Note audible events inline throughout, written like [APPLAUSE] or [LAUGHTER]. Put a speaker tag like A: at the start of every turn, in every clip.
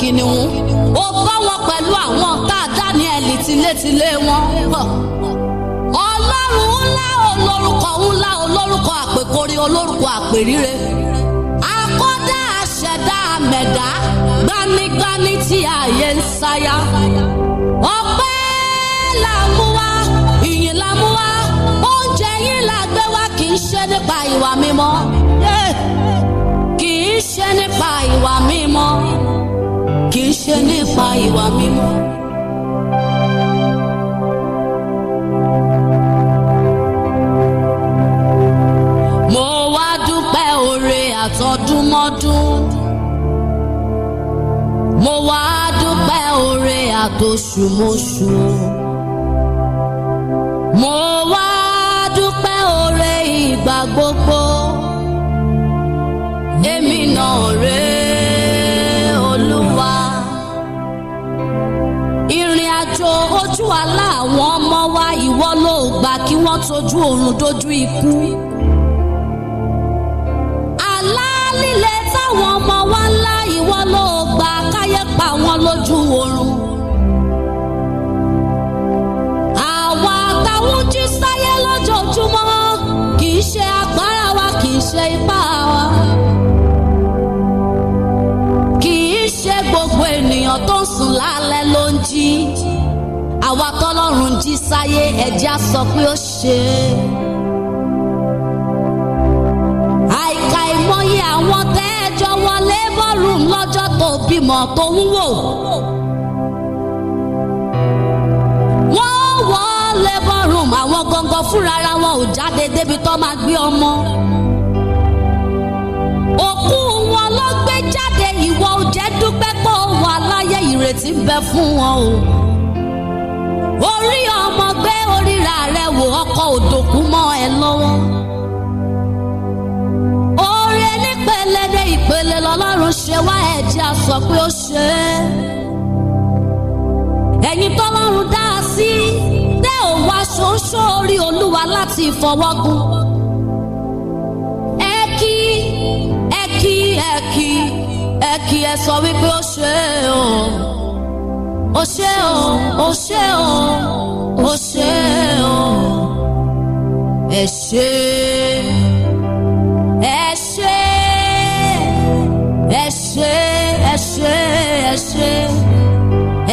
A: kìnìún ó bá pẹ̀lú àwọn tá a dá ní ẹ̀lì tilétilé wọn. ọlọ́run ńlá olórúkọ ńlá olórúkọ àpèkórí olórúkọ àpèríre akọ́dá àṣẹ̀dá àmẹ̀dá gbanigbani tí ààyè ń sáyà ọpẹ́ là ń mú wá ìyìn là ń mú wá oúnjẹ yín là gbé wá kì í ṣe nípa ìwà mímọ́ kì í ṣe nípa ìwà mímọ́ kì í ṣe nípa ìwà mímọ́. mo wá dúpẹ́ oore àtọdúnmọ́dún mo wá dúpẹ́ oore àtoṣùmọ́ṣù mo wá dúpẹ́ oore ìgbà gbogbo èmi náà rèé. ojú àlá àwọn ọmọ wa ìwọ ló gbà kí wọ́n tójú oorun dójú ikú. àlá líle táwọn ọmọ wa ńlá ìwọ ló gbà káyé pa wọ́n lójú oorun. àwa táwọn jí sáyé lójoojúmọ́ kì í ṣe agbára wa kì í ṣe ipá wa. kì í ṣe gbogbo ènìyàn tó ń sùn lálẹ́ ló ń jí àwa tọ́lọ́run jí sáyé ẹ̀já sọ pé ó ṣe é.
B: àìka ìmọ̀ye àwọn tẹ́ ẹ jọ wọlé bọ́ọ̀lù lọ́jọ́
A: tó bímọ tó ń wò. wọ́n wọ́ labour room àwọn gangan fúnra ara wọn ò jáde débi tó máa gbé ọmọ. òkú wọn ló gbé jáde ìwọ jẹ́ dúpẹ́ pé ó wà láyé ìrètí bẹ fún wọn o orí ọmọ gbé oríra rẹ wò ọkọ̀ òdòkú mọ́ ẹ lọ́wọ́. oore nípele dé ìpele lọ́lọ́run ṣe wá ẹ̀jẹ̀ a sọ pé ó ṣe é. ẹ̀yin tọ́lọ́run dá a sí tẹ́ ò wá ṣoṣo orí olúwa láti ìfọwọ́gùn. ẹ kí ẹ kí ẹ kí ẹ kí ẹ sọ wípé ó ṣe é o o ṣé o o ṣé o o ṣé o ẹ ṣé ẹ ṣé ẹ ṣé ẹ ṣé ẹ ṣé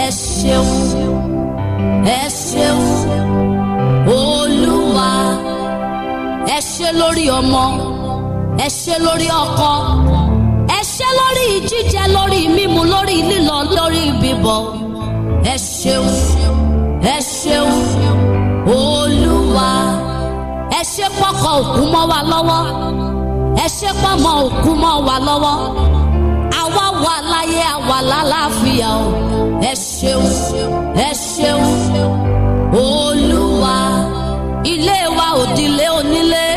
A: ẹ ṣeun ẹ ṣeun olúwa ẹ ṣé lórí ọmọ ẹ ṣé lórí ọkọ ẹ ṣé lórí jíjẹ lórí mímu lórí lílọ lórí bíbọ ẹ ṣeun ẹ ṣeun olúwa ẹ ṣe pọkọ òkú mọ́ wa lọ́wọ́ ẹ ṣe pọmọ òkú mọ́ wa lọ́wọ́ àwa wà láyé àwa lálàáfíà o ẹ ṣeun ẹ ṣeun olúwa ilé wa òdìlé onílé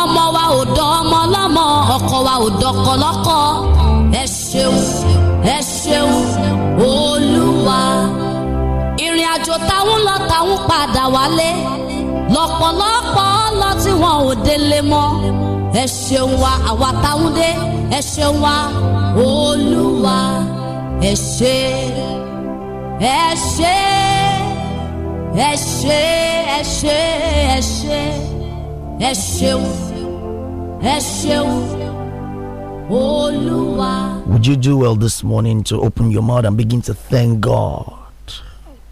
A: ọmọ wa ò dọ ọmọ ọlọ́mọ ọkọ wa ò dọkọ ẹ ṣeun. táwọn lọ táwọn padà wálé lọ́pọ̀lọpọ̀ lọ tí wọn ò délé mọ́ ẹ ṣeun wa àwa táwọn dé ẹ ṣeun wa olúwa ẹ ṣe ẹ ṣe ẹ ṣe ẹ ṣe ẹ ṣe ẹ ṣeun ẹ ṣeun Would
B: you do well this morning to open your mouth and begin to thank God?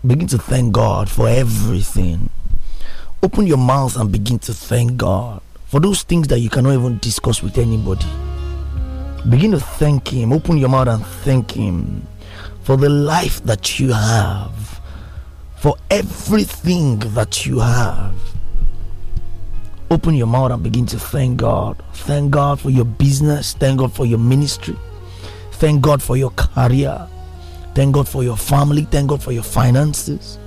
B: Begin to thank God for everything. Open your mouth and begin to thank God for those things that you cannot even discuss with anybody. Begin to thank Him. Open your mouth and thank Him for the life that you have, for everything that you have. Open your mouth and begin to thank God. Thank God for your business. Thank God for your ministry. Thank God for your career. Thank God for your family. Thank God for your finances.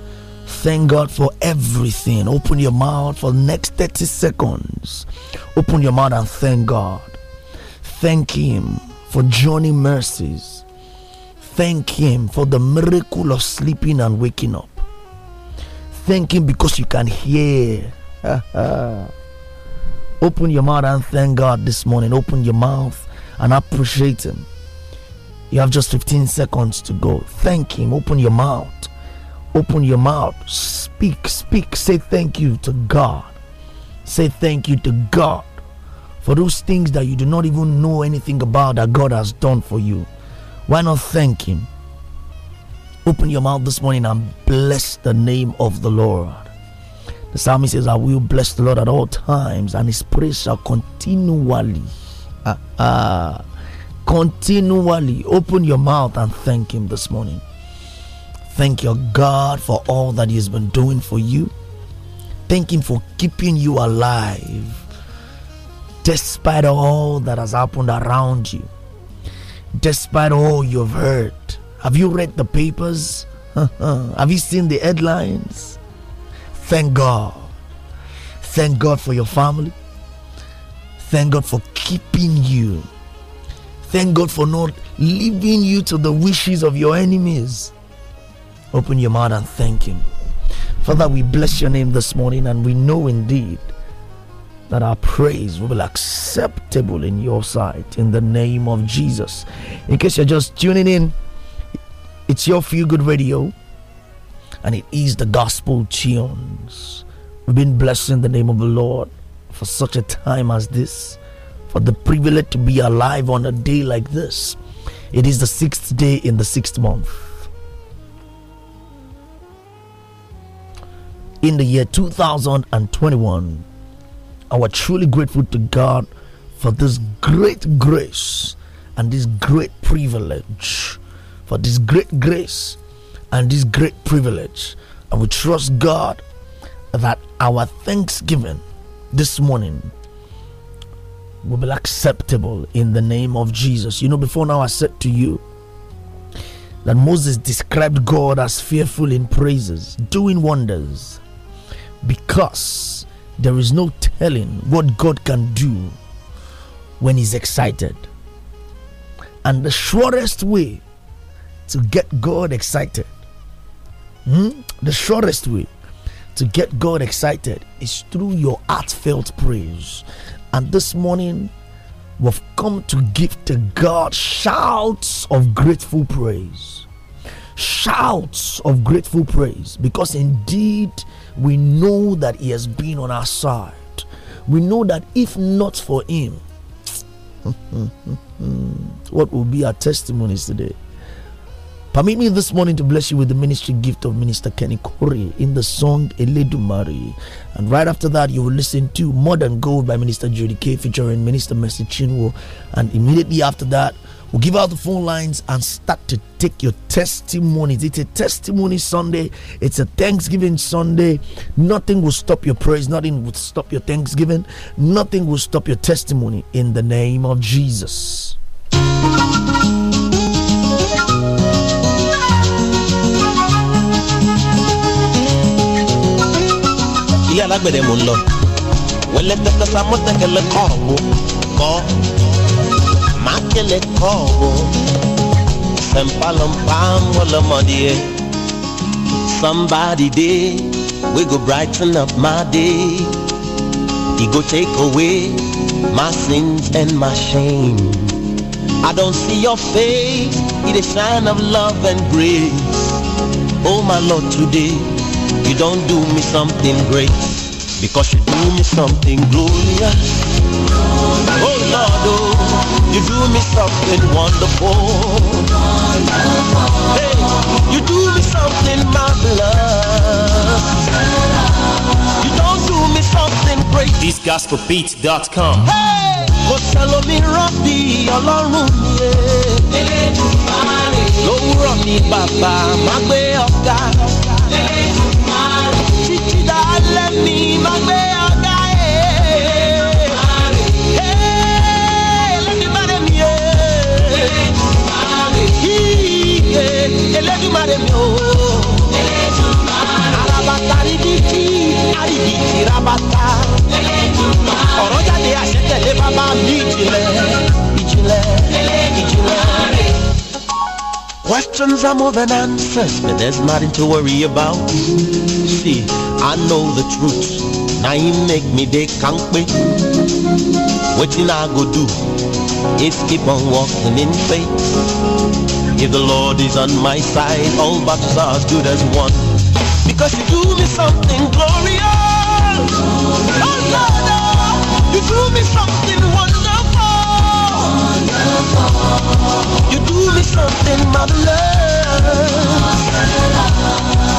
B: Thank God for everything. Open your mouth for next 30 seconds. Open your mouth and thank God. Thank Him for journey mercies. Thank Him for the miracle of sleeping and waking up. Thank Him because you can hear. [LAUGHS] Open your mouth and thank God this morning. Open your mouth and appreciate Him. You have just 15 seconds to go. Thank Him. Open your mouth. Open your mouth. Speak, speak. Say thank you to God. Say thank you to God for those things that you do not even know anything about that God has done for you. Why not thank Him? Open your mouth this morning and bless the name of the Lord. The psalmist says, I will bless the Lord at all times, and his praise shall continually. Ah, Continually open your mouth and thank Him this morning. Thank your God for all that He has been doing for you. Thank Him for keeping you alive despite all that has happened around you, despite all you've heard. Have you read the papers? [LAUGHS] Have you seen the headlines? Thank God. Thank God for your family. Thank God for keeping you. Thank God for not leaving you to the wishes of your enemies. Open your mouth and thank Him. Father, we bless your name this morning and we know indeed that our praise will be acceptable in your sight in the name of Jesus. In case you're just tuning in, it's your Feel Good Radio and it is the gospel tunes. We've been blessed in the name of the Lord for such a time as this for the privilege to be alive on a day like this. It is the sixth day in the sixth month. In the year 2021, I was truly grateful to God for this great grace and this great privilege. For this great grace and this great privilege. And we trust God that our thanksgiving this morning will be acceptable in the name of Jesus. You know, before now I said to you that Moses described God as fearful in praises, doing wonders, because there is no telling what God can do when He's excited. And the surest way to get God excited, hmm, the surest way to get God excited is through your heartfelt praise and this morning, we've come to give to God shouts of grateful praise. Shouts of grateful praise because indeed we know that He has been on our side. We know that if not for Him, [LAUGHS] what will be our testimonies today? Permit me this morning to bless you with the ministry gift of Minister Kenny Corey in the song Eledumari. And right after that, you will listen to Modern Gold by Minister Judy K featuring Minister Mercy Chinwo. And immediately after that, We'll give out the phone lines and start to take your testimonies. It's a testimony Sunday. It's a Thanksgiving Sunday. Nothing will stop your praise. Nothing will stop your Thanksgiving. Nothing will stop your testimony in the name of Jesus.
C: alágbẹ̀dẹ mò ń lọ wẹ́lẹ́ tẹ́tẹ́sá mọ́tẹ́kẹ́lẹ́ kọ́ ọ̀wọ́ kọ́ mákẹ́lẹ́ kọ́ ọ̀wọ́ sẹ̀ǹpalọ̀ǹpam wọlọ́mọdé somebody dey we go brighten up my day e go take away my sins and my shame i don't see your face it is a shine of love and grace oh my lord today you don't do me something great because you do me something glorious. Oh Lord, oh, you do me something wonderful. Hey, you do me something marvelous. You don't do me something great. This gospelbeat.com. Hey, kò sẹ́lo mi rọ́bì ọlọ́run mi yé. Eh. lówùrọ̀ mi bàbá máa gbé ọ̀gá. Elédùmarè mi o. Arabata ribiti, aribiti rabata. Ọ̀rọ̀ jáde àṣẹ tẹ̀lé bàbá mi ìjìnlẹ̀, ìjìnlẹ̀, ìjìnlẹ̀.
D: Questions are more than answers,
C: but there's nothing to worry about. See, I know the truth. Now you make me day concrete. Waiting I go do is keep on walking in faith. If the Lord is on my side, all battles are as good as one.
E: Because you do me something glorious. glorious. Oh, Lord, oh, you do me something
C: you do me something, mother love.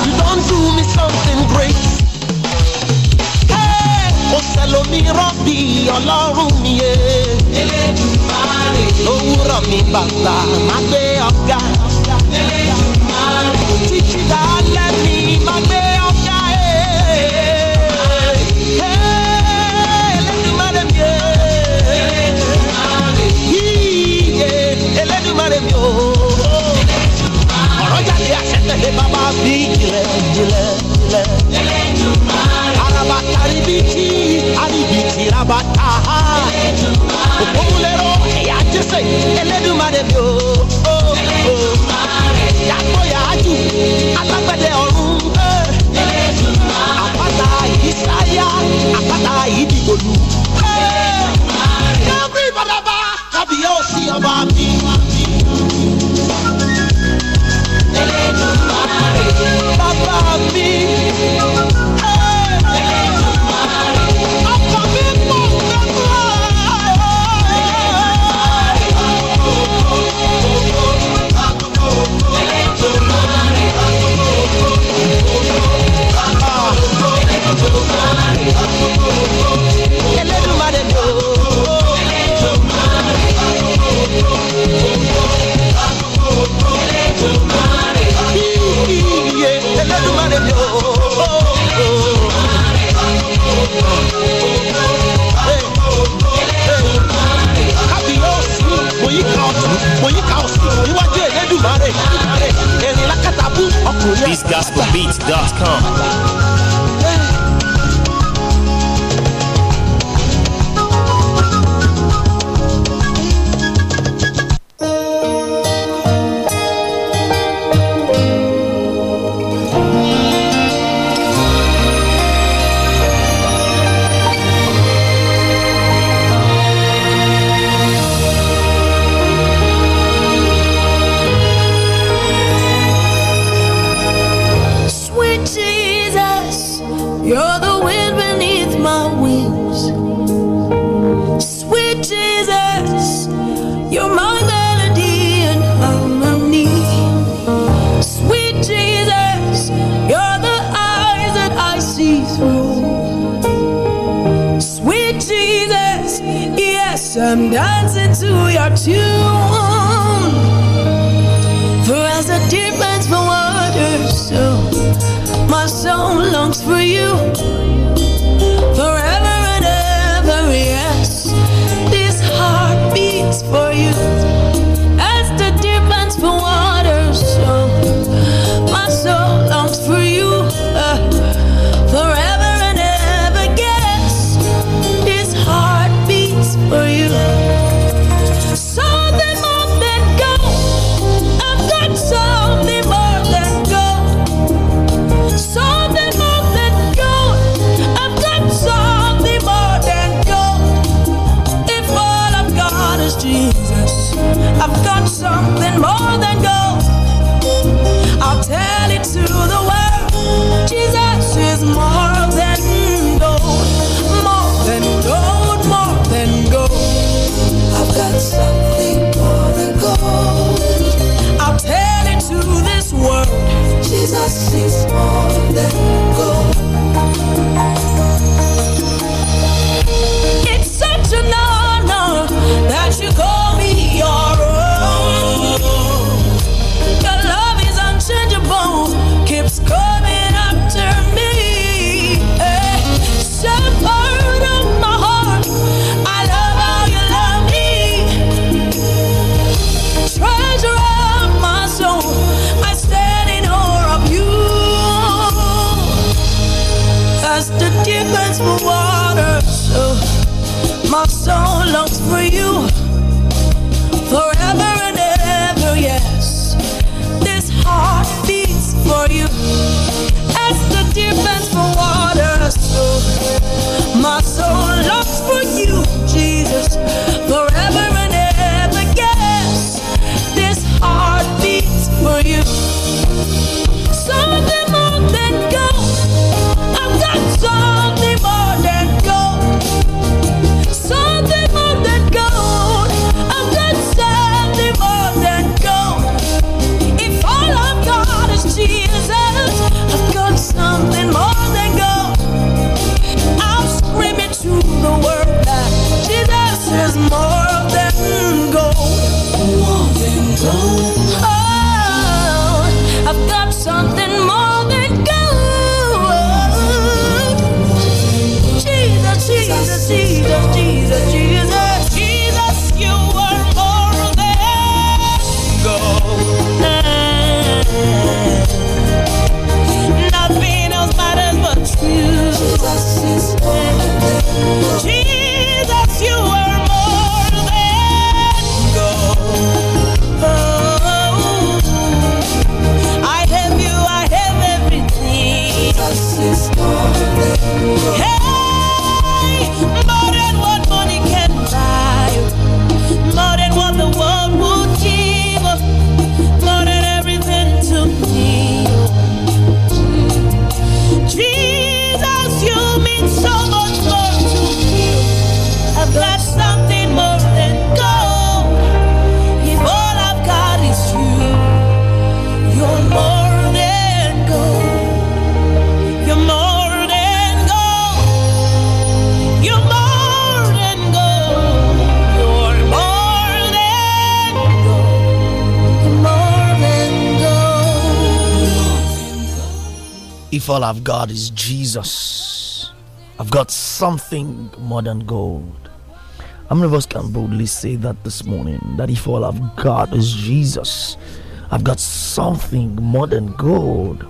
C: You don't do me something great. Hey, Ọ̀sẹ̀lò mi rọ́bì ọlọ́run mi yé. Elédùmarè. Owúrọ̀ mi bàbá má gbé ọ̀gá. Elédùmarè. Títí dálẹ́
E: mi má gbé.
C: ni o. ọ̀rọ̀ jáde àṣẹ bàbá bí jìlẹ̀ jìlẹ̀ jìlẹ̀. araba tari bí ti aribi ti raba ta. òpómúlérò ẹ̀yà jẹ́sẹ̀ ẹlẹ́dùnmáde bí o. ThisGospelBeats.com.
E: I'm dancing to your tune. For as the deer pants for water, so my soul longs for you. Forever and ever, yes, this heart beats for you.
B: all I've got is Jesus, I've got something more than gold. How many of us can boldly say that this morning? That if all I've got is Jesus, I've got something more than gold.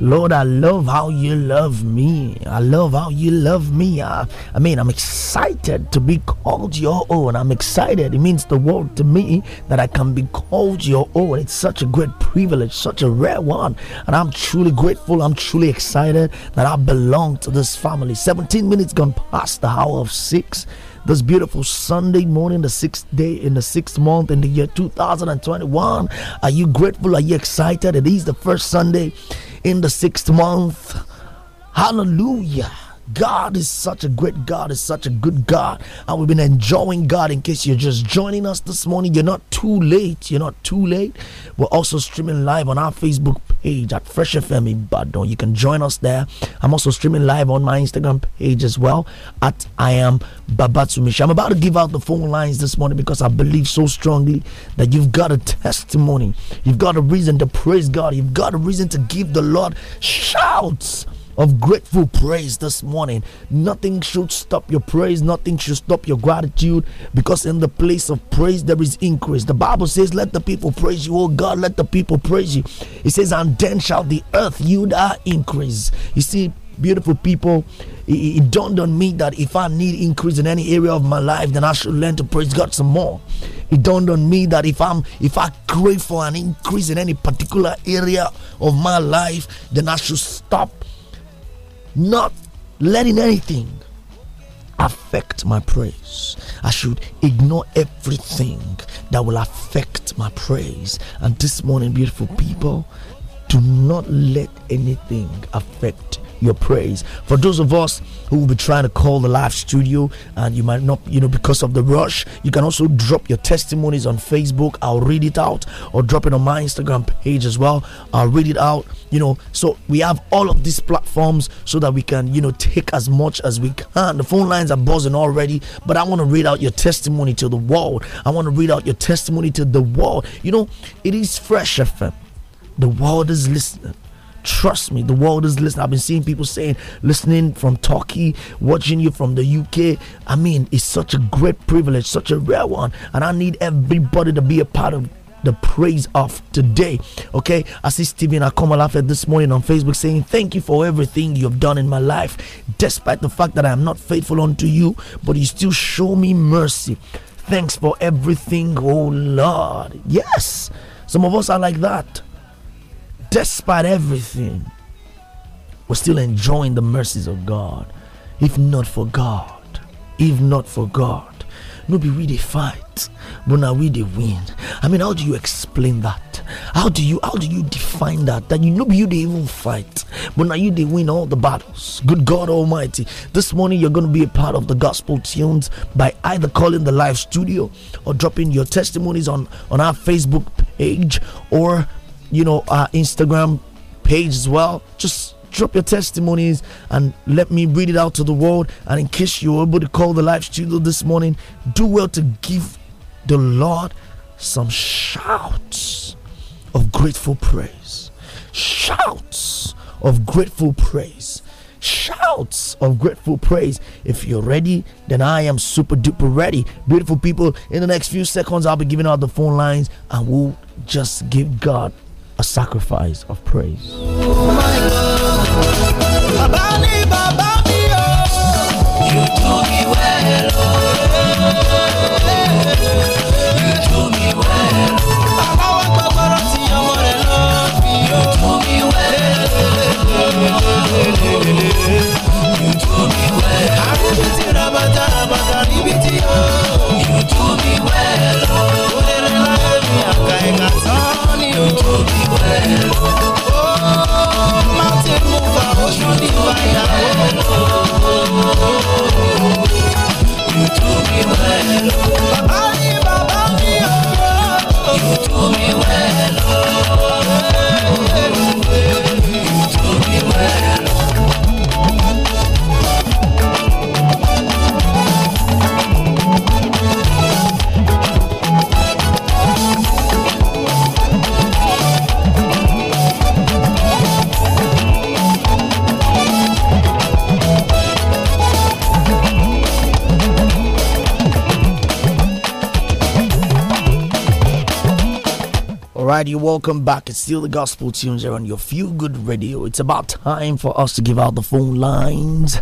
B: Lord, I love how you love me. I love how you love me. I, I mean, I'm excited to be called your own. I'm excited. It means the world to me that I can be called your own. It's such a great privilege, such a rare one. And I'm truly grateful. I'm truly excited that I belong to this family. 17 minutes gone past the hour of six this beautiful Sunday morning, the sixth day in the sixth month in the year 2021. Are you grateful? Are you excited? It is the first Sunday in the sixth month. Hallelujah. God is such a great God, is such a good God. And we've been enjoying God. In case you're just joining us this morning, you're not too late. You're not too late. We're also streaming live on our Facebook page at Fresh FM Ibadan. You can join us there. I'm also streaming live on my Instagram page as well at I am Babatsumishi. I'm about to give out the phone lines this morning because I believe so strongly that you've got a testimony. You've got a reason to praise God. You've got a reason to give the Lord shouts of grateful praise this morning. Nothing should stop your praise, nothing should stop your gratitude, because in the place of praise there is increase. The Bible says, Let the people praise you, oh God, let the people praise you. It says, And then shall the earth yield our increase. You see, beautiful people, it, dawned on me that if I need increase in any area of my life, then I should learn to praise God some more it dawned on me that if i'm if i crave for an increase in any particular area of my life then i should stop not letting anything affect my praise. I should ignore everything that will affect my praise. And this morning, beautiful people, do not let anything affect your praise. For those of us who will be trying to call the live studio and you might not, you know, because of the rush, you can also drop your testimonies on Facebook. I'll read it out or drop it on my Instagram page as well. I'll read it out, you know. So we have all of these platforms so that we can, you know, take as much as we can. The phone lines are buzzing already, but I want to read out your testimony to the world. I want to read out your testimony to the world. You know, it is Fresh FM. The world is listening. Trust me, the world is listening. I've been seeing people saying, listening from Turkey, watching you from the UK. I mean, it's such a great privilege, such a rare one. And I need everybody to be a part of the praise of today. Okay, I see Stephen Akomalafe this morning on Facebook saying, Thank you for everything you have done in my life, despite the fact that I am not faithful unto you, but you still show me mercy. Thanks for everything, oh Lord. Yes, some of us are like that despite everything, we're still enjoying the mercies of God. If not for God, if not for God, maybe we the fight, but now we they win. I mean, how do you explain that? How do you how do you define that? That you no you they even fight, but now you they win all the battles. Good God Almighty! This morning you're going to be a part of the gospel tunes by either calling the live studio or dropping your testimonies on on our Facebook page or you know, our Instagram page as well. Just drop your testimonies and let me read it out to the world. And in case you're able to call the live studio this morning, do well to give the Lord some shouts of grateful praise. Shouts of grateful praise. Shouts of grateful praise. If you're ready, then I am super duper ready. Beautiful people, in the next few seconds, I'll be giving out the phone lines and we'll just give God a sacrifice of praise.
E: Oh o. Torí pẹ́ o. Ó mountain mover ocean divider o. Nítorí pẹ́ o. Bàbá mi bàbá mi o. Nítorí pẹ́
B: you're welcome back. It's still the gospel tunes here on your feel good radio. It's about time for us to give out the phone lines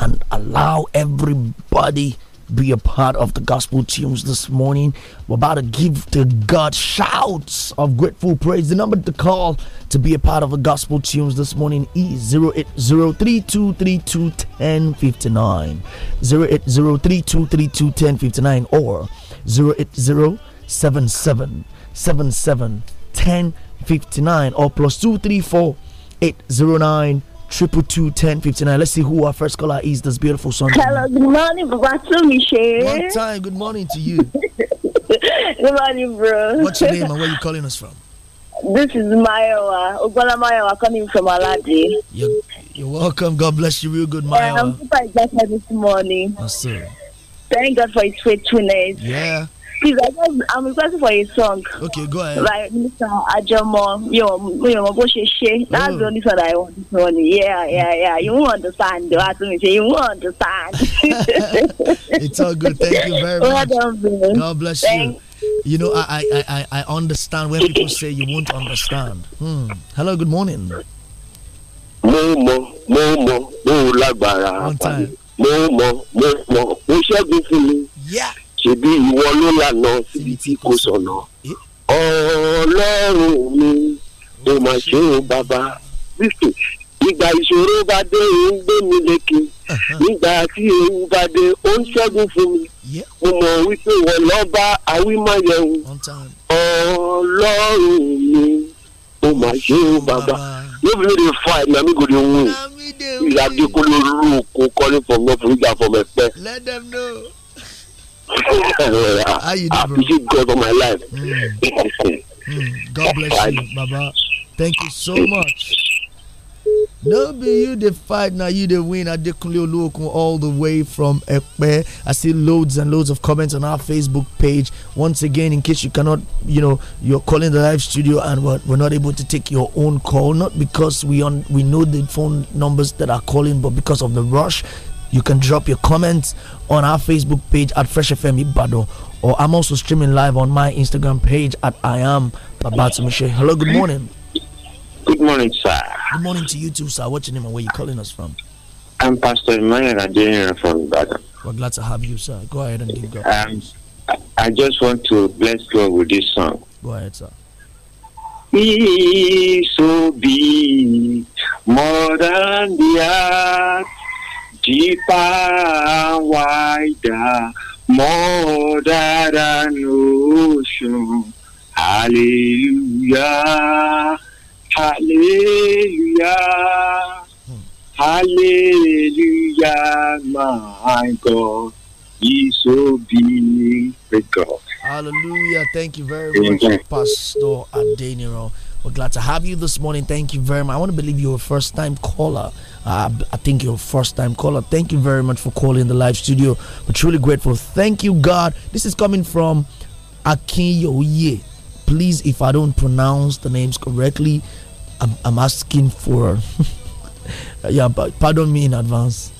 B: and allow everybody be a part of the gospel tunes this morning. We're about to give to God shouts of grateful praise. The number to call to be a part of the gospel tunes this morning is 08032321059. 08032321059 or 0807777 1059 or plus 234 809 triple two ten fifty nine. Let's see who our first caller is this beautiful Sunday. Hello, good morning, Baba Michelle. One time, good morning to you. [LAUGHS] good morning, bro. What's your name and where you calling us from? This is Mayowa, Ogbala Mayowa, coming from Aladi. You're, you're, welcome. God bless you, real good, Mayowa. Yeah, I'm super excited this morning. Yes, sir.
A: Thank God for His faithfulness. Yeah. Please, I just, I'm requesting for a song. Okay, go ahead. Like Mr. Ajomo, you know, you know, That's the oh. only song I want this morning. Yeah, yeah, yeah. You won't understand. You ask me, you won't understand. [LAUGHS]
B: it's all good. Thank you very much. Well God bless you. Thanks. You know, I, I, I, I understand when people say you won't understand. Hmm. Hello, good morning. Mo
D: mo mo mo mo lágbára. Mo mo mo mo mo ṣẹ́gun fún mi. Yeah. ṣebí ìwọ ló lànà síbi tí kò sọ̀nà ọlọ́run mi mo mà ṣe o bàbá listen ìgbà ìṣòro bá dé ó ń gbé mi lékè nígbà tí ewu bá dé ó ń ṣẹ́gun fún mi mo mọ̀ wípé wọ́n lọ bá awímọ̀yẹ̀wò ọlọ́run mi mo mà ṣe o bàbá lóbi mi dey fight na mi go dey win ìyá adékòló rú òkú calling for love ìgbà for my let them know.
B: [LAUGHS] How you doing? I God for my life. Mm. mm. God bless you, Baba. Thank you so much. No be you the fight now, you the win. I Adekunle look, all the way from Ekpe. I see loads and loads of comments on our Facebook page. Once again, in case you cannot, you know, you're calling the live studio and we're, we're not able to take your own call, not because we on we know the phone numbers that are calling, but because of the rush. You can drop your comments on our Facebook page at Fresh FM Ibado, or I'm also streaming live on my Instagram page at I am Babatumishe. Hello, good morning. Good morning, sir. Good morning to you too, sir. What's your name and where you calling us from?
D: I'm Pastor Emmanuel Adeniran from Ibadan.
B: We're glad to have you, sir. Go ahead and give God.
D: Um, I just want to bless God with this song. Go ahead, sir. He so be more than the earth deeper, wider, more than Hallelujah, hallelujah, hallelujah, my God.
E: He's so big with God.
B: Hallelujah. Thank you very much, Pastor Adeniro. We're glad to have you this morning. Thank you very much. I want to believe you're a first time caller. Uh, I think you're a first time caller. Thank you very much for calling the live studio. We're truly grateful. Thank you, God. This is coming from Akinyoye. Please, if I don't pronounce the names correctly, I'm, I'm asking for. [LAUGHS] yeah, but pardon me in advance.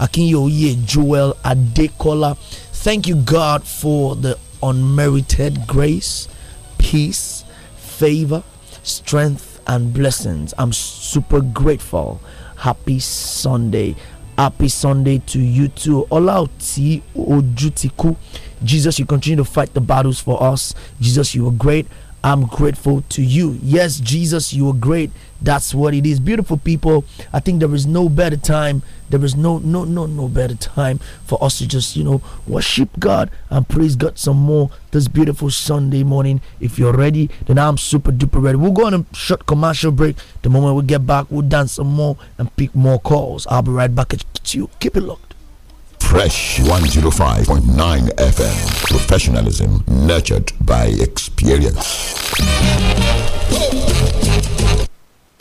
B: Akinyoye Joel Adekola. Thank you, God, for the unmerited grace, peace, favor strength and blessings. I'm super grateful. Happy Sunday. Happy Sunday to you too. Olauti Ojutiku. Jesus, you continue to fight the battles for us. Jesus, you are great. I'm grateful to you. Yes, Jesus, you are great. That's what it is. Beautiful people, I think there is no better time there is no no no no better time for us to just you know worship God and praise God some more this beautiful Sunday morning. If you're ready, then I'm super duper ready. We'll go on a short commercial break. The moment we get back, we'll dance some more and pick more calls. I'll be right back at you. Keep it locked.
D: Fresh 105.9 FM. Professionalism nurtured by experience.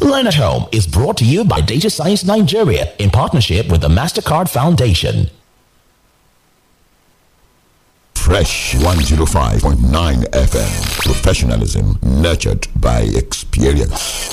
D: Learn at Home is brought to you by Data Science Nigeria in partnership with the MasterCard Foundation. Fresh 105.9 FM. Professionalism nurtured by experience.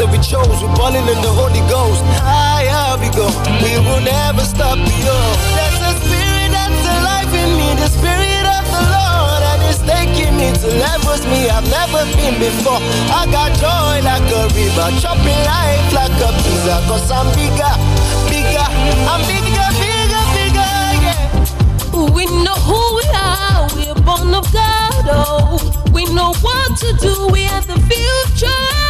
C: that we chose. We're balling in the Holy Ghost. Higher we go. We will never stop, yo. That's the spirit that's alive in me. The spirit of the Lord. And it's taking me to levels me I've never been before. I got joy like a river. Chopping life like a pizza. Cause I'm bigger, bigger. I'm bigger,
E: bigger, bigger, yeah. We know who we are. We're born of God, oh. We know what to do. We have the future.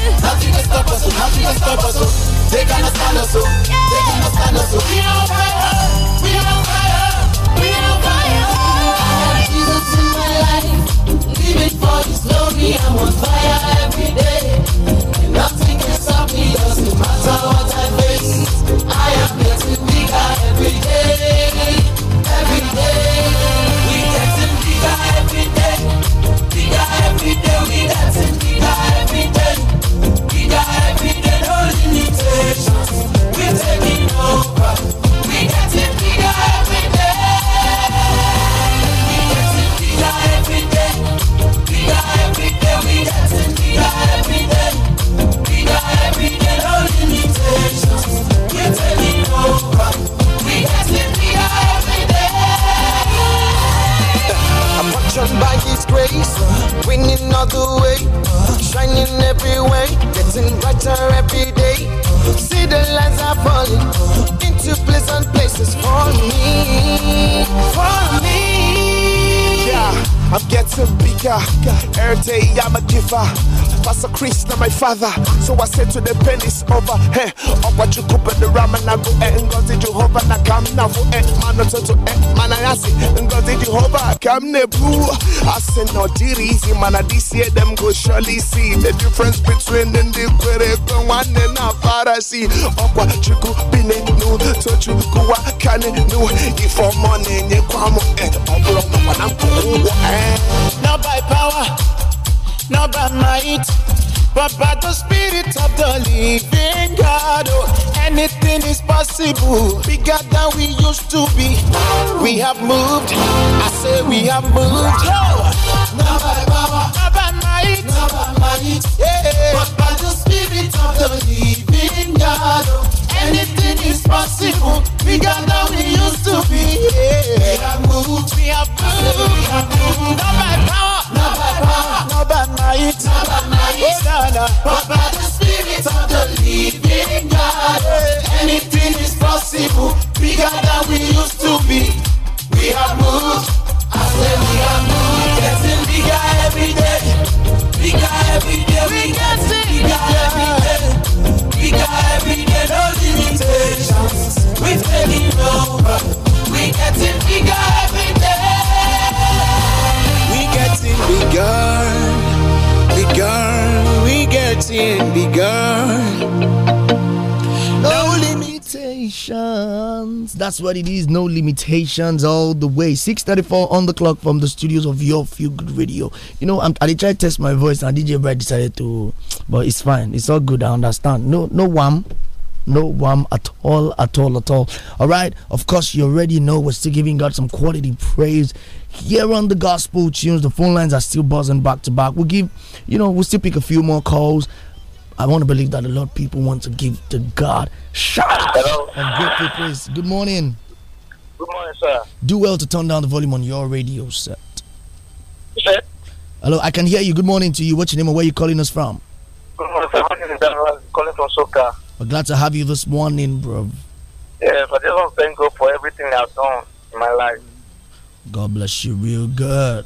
E: Nothing can stop us, nothing can stop us. They cannot stand us, they cannot stand us. We are on fire, we are on fire, we are on fire. I have Jesus in my life, living for His glory. I'm on fire every day. And nothing can stop me, doesn't matter what I face. I am getting bigger every day.
D: father. So I said to the pen is over. Hey, up what you could the ram and I go eh, Ngozi Jehovah I come now for end. Eh, man to to eh, end. man I ask. see Ngozi Jehovah come ne boo. I said no diri easy man I this year them go surely see the difference between the query and one and a pharmacy. Up what you could be ne no to you go what can it no if for money
C: ne come eh, up what I'm going eh. Not by power, not by might. But by the Spirit of the living God, oh, anything is possible. Bigger than we used to be. We have moved. I say we have moved. Oh.
E: Now by power. Now by might. Now by might. Yeah. But by the Spirit of the living God, oh, anything is possible. Bigger than we used to be. Yeah. We have moved. We have moved. We have moved. Oh, na, na. But by the Spirit of the living
C: God, anything is possible, bigger than we used
B: That's what it is. No limitations all the way. 6:34 on the clock from the studios of Your Feel Good Radio. You know, I'm, I tried to test my voice, and DJ Brad decided to, but it's fine. It's all good. I understand. No, no wham no one at all, at all, at all. All right, of course, you already know we're still giving God some quality praise here on the gospel tunes. The phone lines are still buzzing back to back. We'll give, you know, we'll still pick a few more calls I want to believe that a lot of people want to give to God. Shout out and give praise. Good morning. Good morning, sir. Do well to turn down the volume on your radio set. Set. Hello, I can hear you. Good morning to you. What's your name and where are you calling us from? Good morning, sir.
C: I'm calling from Soka.
B: We're glad to have you this morning, bro.
E: Yeah, I just want to thank God for everything I've done in my life.
B: God bless you real good.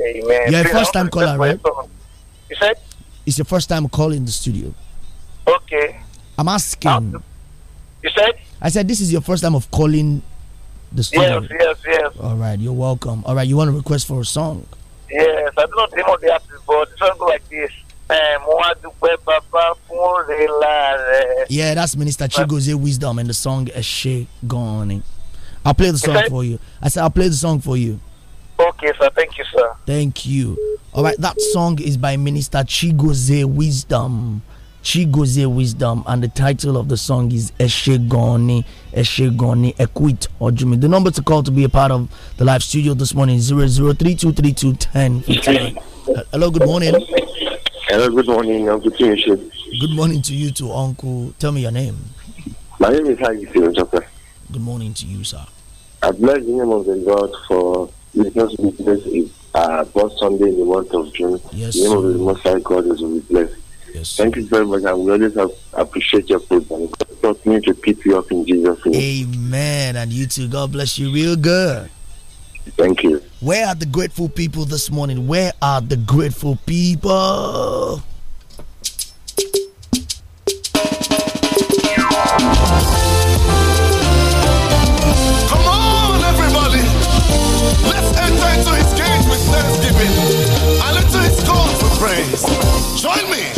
B: Amen. You're a first time caller, right? You said? It's your first time calling the studio. Okay. I'm asking. Uh, you said? I said this is your first time of calling the studio. Yes, yes, yes. All right, you're welcome. All right, you want to request for a song?
E: Yes, I don't know the name of the artist, but it sounds like this. Um, yeah, that's Minister
B: Chigozie Wisdom and the song Eshe Gone. I'll play the song for you. I said I'll play the song for you. Okay, sir. Thank you, sir. Thank you. All right, that song is by Minister Chigoze Wisdom. Chigoze Wisdom, and the title of the song is Eshegoni, Eshegoni, Equit Ojumi. The number to call to be a part of the live studio this morning is 00323210. Hello, good morning. Hello, good morning, Uncle Tinshu. Good morning to you too, Uncle. Tell me your name. My name is Haji Sirojaka. Good morning to you, sir. I bless the name
D: of the Lord for business business uh, first Sunday in the month of June. Yes, the name sir. of the Most High God is really blessed. Yes, Thank you very much, and we always have, appreciate your program.
E: God me to
B: keep you up in Jesus' name. Amen. And you too. God bless you real good. Thank you. Where are the grateful people this morning? Where are the grateful people?
E: Join me.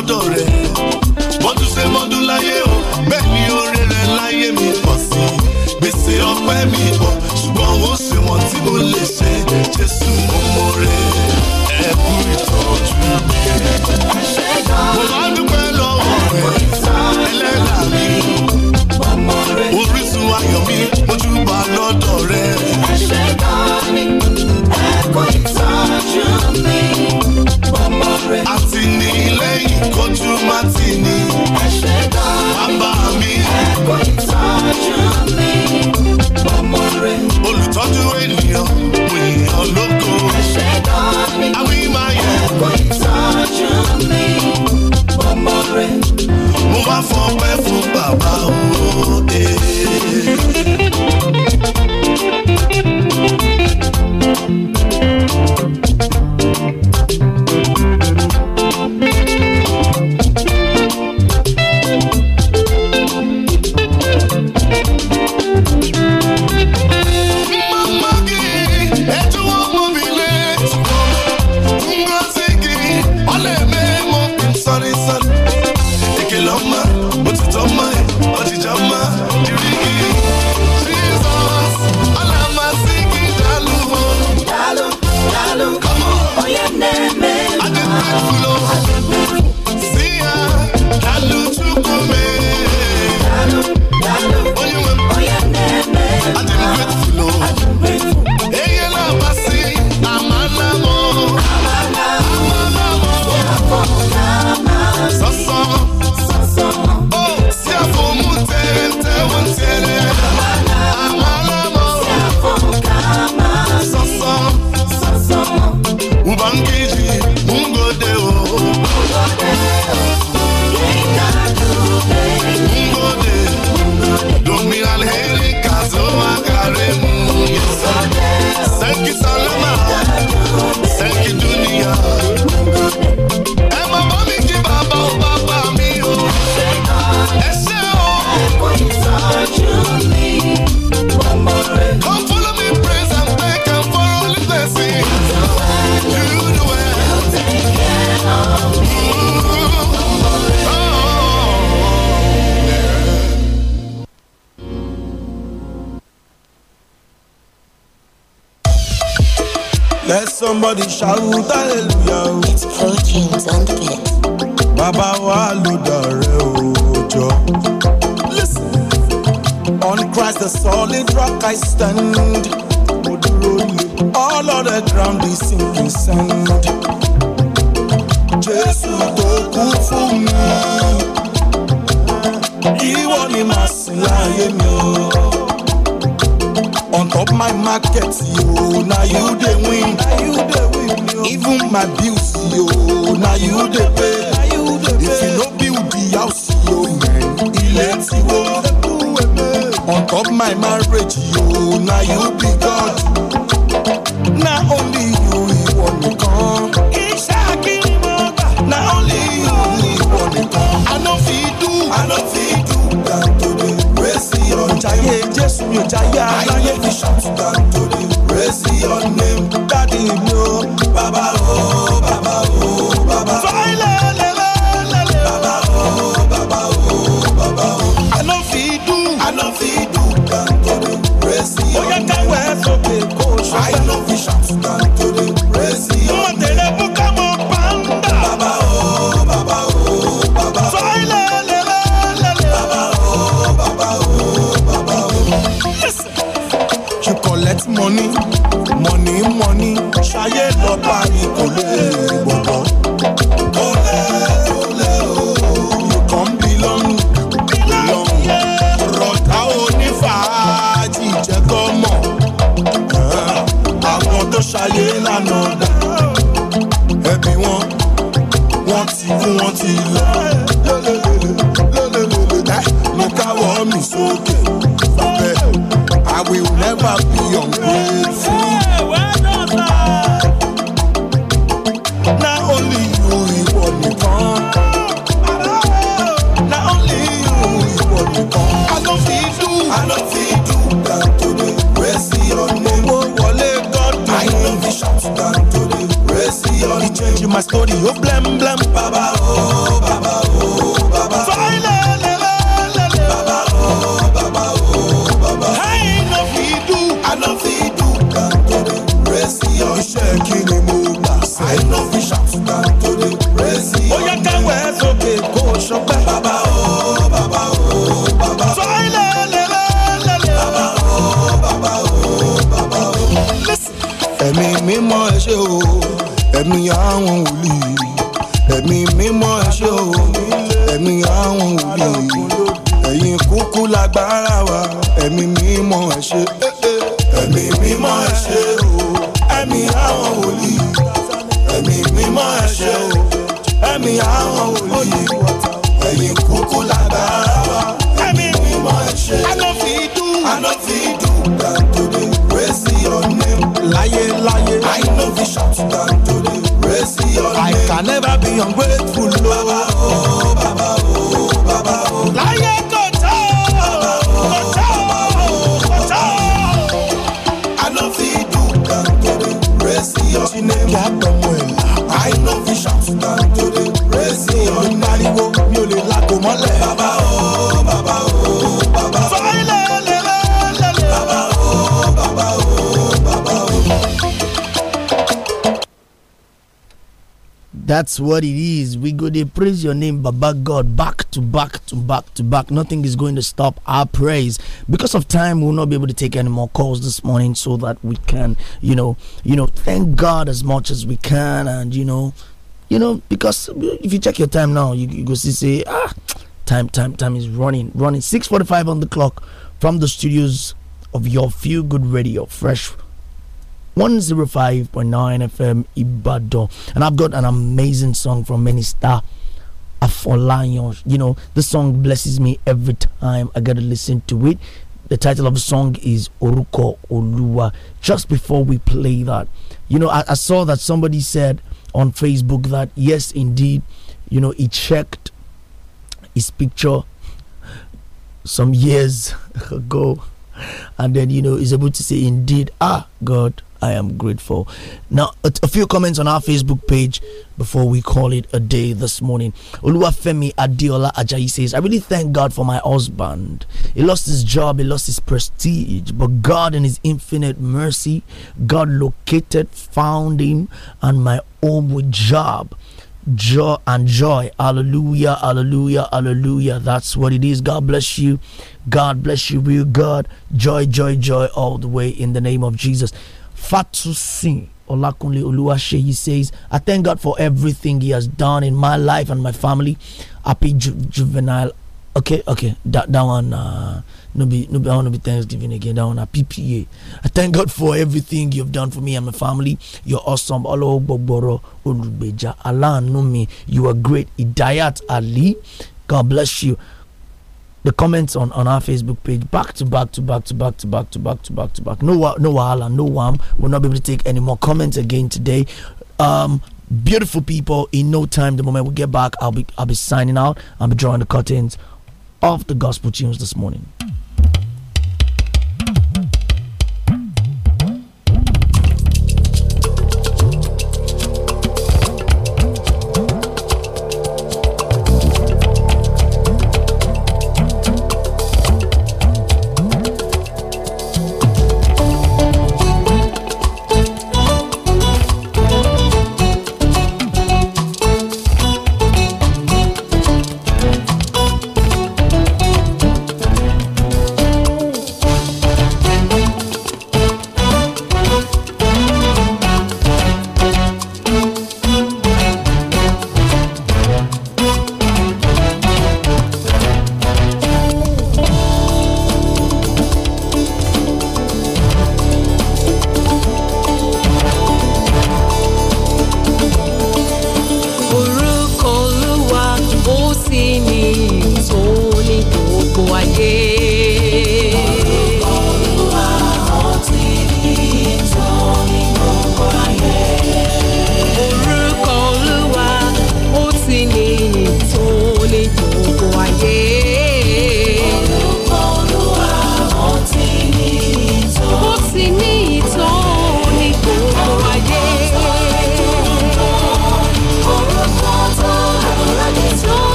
E: lọ́dọ̀ it. favor. my bills, yo. Now you dey pay. If you no build the house, yo, man, let you go, On top my marriage, yo. Now you be God. Not only you, you want to come. Not only you, you want to come. I no fit do, I no fit do that today. Praise your jayé, Jesus, mi ò jayé aláyé. I know fit shout that today. Praise your name, Daddy mi o, Baba.
B: what it is. We go to praise your name, Baba God, back to back to back to back. Nothing is going to stop our praise. Because of time, we'll not be able to take any more calls this morning so that we can, you know, you know, thank God as much as we can and you know, you know, because if you check your time now, you, you go see say, ah, time, time, time is running, running. 6:45 on the clock from the studios of your feel good radio, fresh 105.9 FM Ibadan. And I've got an amazing song from Minister Afolayan. You know, this song blesses me every time I gotta listen to it. The title of the song is Oruko Olua. Just before we play that, you know, I, I saw that somebody said on Facebook that yes, indeed, you know, he checked his picture some years [LAUGHS] ago and then you know he's able to say indeed ah god I am grateful. Now, a, a, few comments on our Facebook page before we call it a day this morning. Oluwafemi Adiola Ajayi says, I really thank God for my husband. He lost his job, he lost his prestige, but God in his infinite mercy, God located, found him, and my home with job joy and joy. Hallelujah, hallelujah, hallelujah. That's what it is. God bless you. God bless you, real God. Joy, joy, joy all the way in the name of Jesus. Fatu Singh Olakunle He says, I thank God for everything He has done in my life and my family. Happy ju- juvenile. Okay, okay, that that one. Uh, no be no be I want to be Thanksgiving again. That one a PPA. I thank God for everything you've done for me and my family. You're awesome. Olo Bogboro Olubeja. Allah know me. You are great. Idayat Ali. God bless you the comments on, on our Facebook page back to back to back to back to back to back to back to back. No no and no one will not be able to take any more comments again today. Um, beautiful people. In no time, the moment we get back, I'll be I'll be signing out. I'll be drawing the curtains of the gospel tunes this morning.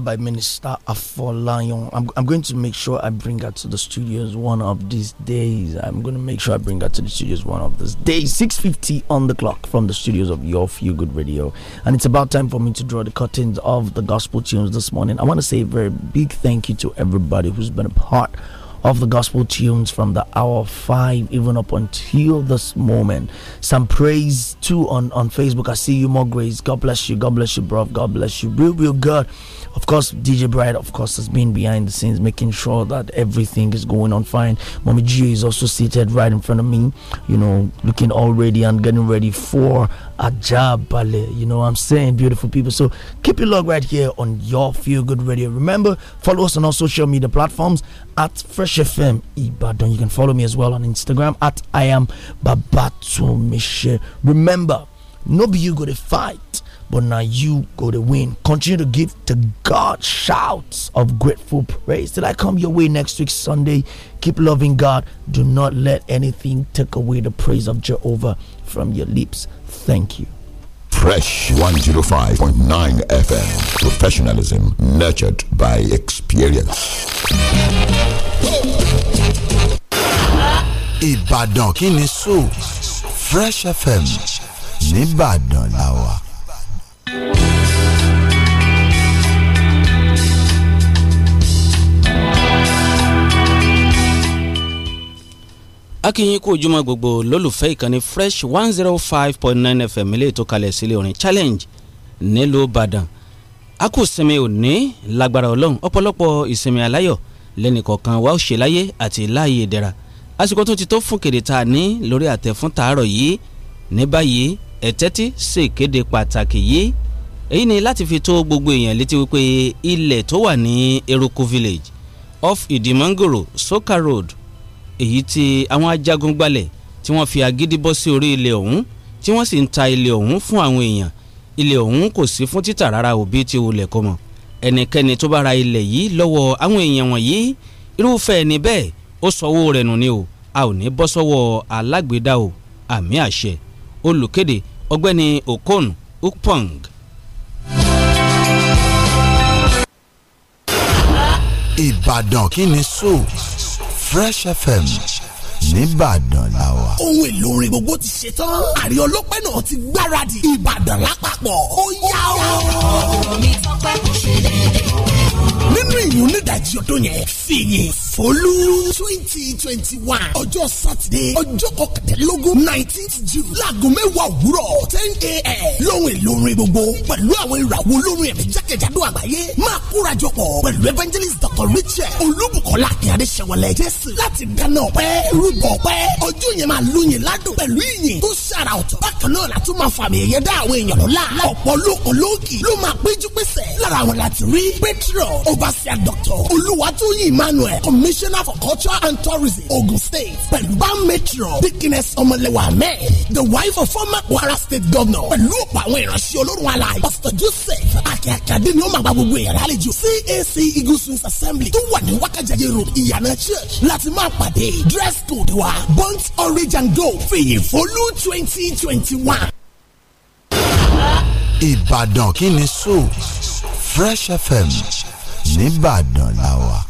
B: by Minister Afolayan. I'm, I'm going to make sure I bring her to the studios one of these days. I'm going to make sure I bring her to the studios one of these days. 6.50 on the clock from the studios of Your Feel Good Radio. And it's about time for me to draw the curtains of the gospel tunes this morning. I want to say a very big thank you to everybody who's been a part of of the gospel tunes from the hour five even up until this moment. Some praise too on, on Facebook. I see you more grace. God bless you. God bless you, bro. God bless you. Real, real good. Of course, DJ Bright, of course, has been behind the scenes making sure that everything is going on fine. Mommy G is also seated right in front of me, you know, looking all ready and getting ready for Ajabale. You know what I'm saying? Beautiful people. So keep it log right here on your Feel Good Radio. Remember, follow us on our social media platforms at Fresh FM Ibadan. You can follow me as well on Instagram at I am Babatumishe. Remember, no be you go to fight, but now you go to win. Continue to give to God shouts of grateful praise. Till I come your way next week Sunday. Keep loving God. Do not let anything take away the praise of Jehovah from your lips. Thank you.
D: Fresh 105.9 FM. Professionalism nurtured by experience. Ìbàdàn kí ni so Fresh FM nìbàdàn
E: làwà.
C: akínyìn kú ojúmọ́ gbogbo lólùfẹ́ ìkànnì fresh one zero five point nine fm ilé ètò kalẹ̀ sílé orin challenge nílùú ìbàdàn a kò sinmi òní lágbára ọlọ́run ọ̀pọ̀lọpọ̀ ìsinmi aláyọ̀ lẹ́nìkọ̀ọ̀kan wa ó ṣe láyé àti láàyè ìdẹ̀ra àsìkò tó ti tó fún kéde tá a ní lórí àtẹ fún tàárọ̀ yìí ní báyìí ẹ̀tẹ́tí ṣe kéde pàtàkì yìí èyí ni láti fi tó gbogbo èèyàn létí wípé ilẹ̀ tó wà ní eruku village off ìdìmọ́ngòrò soka road èyí tí àwọn ajagun gbalẹ̀ tí wọ́n fi agídí bọ́ sí orí ilẹ̀ ọ̀hún tí wọ́n sì ń ta ilẹ̀ ọ̀hún fún àwọn èèyàn ilẹ̀ ọ̀hún kò sí fún títà rárá òbí ti wulẹ̀ kọ́ mọ̀ ẹnikẹ́ni tó bá ra ilẹ̀ yìí lọ́wọ́ àwọn èèyàn wọ̀nyí irúfẹ́ ẹni bẹ́ẹ̀ ó sọwọ́ rẹ̀ nù ni o a ò ní bọ́ sọ́wọ́ alágbèédá o àmì àṣẹ olùkéde ọgbẹ́ni okon ukpong. Ìbàdàn kí ni sóò Fresh FM
D: nìbàdàn la wà. ohun èlò orin gbogbo
E: ti ṣe tán àrí
D: ọlọ́pẹ́ náà ti gbáradì ìbàdàn lápapọ̀
E: ó yá o. omi tọpẹ́ kò ṣe déédéé
D: nínú ìlú nídàjí ọdún yẹn fìyìn fọlú twenty twenty one ọjọ́ sátidé ọjọ́ kọkàndínlógún nineteenth june láago mẹ́wàá òwúrọ̀ ten a.m. lóhùn èlò orin gbogbo pẹ̀lú àwọn ìràwọ̀ olórin ẹ̀mí jákèjádò àgbáyé máa kórajọ pọ̀ pẹ̀lú evangelist dr richard olúbùkọ́lá akínyàdé ṣẹ̀wọ̀lẹ̀ jésù láti dáná ọpẹ́ rúbọ ọpẹ́ ọjọ́ yẹn máa lóyin ládùn pẹ̀lú ìyìn tó ṣàrà ọ̀tọ̀ bákan náà látún máa fàmì ẹ̀yẹ dá àwọn èèyàn lọ́lá ọ̀pọ̀ lóko lóògì ló máa péjú pèsè lára àwọn láti rí Overseer Doctor Oluwatoyin Emmanuel, Commissioner for Culture and Tourism, Ogun State. Pẹ̀lú Metro Dickiness Ọmọlẹ́wà Ahmed, the wife of former Kwara State Governor. Pẹ̀lú ọ̀pọ̀ àwọn ìránṣẹ́ olórun aláì. Pastor Joseph Akíakíadé ni ó máa gba gbogbo èèyàn lálejò. CAC Eagle Swings Assembly tó wà ní Wákàjáde Road, Ìyànà Church láti máa pàdé. Dress code wa burnt orange and gold fìyìn fólú twenty twenty one. Ìbàdàn kí ni so Fresh FM
E: Nìbàdàn làwà.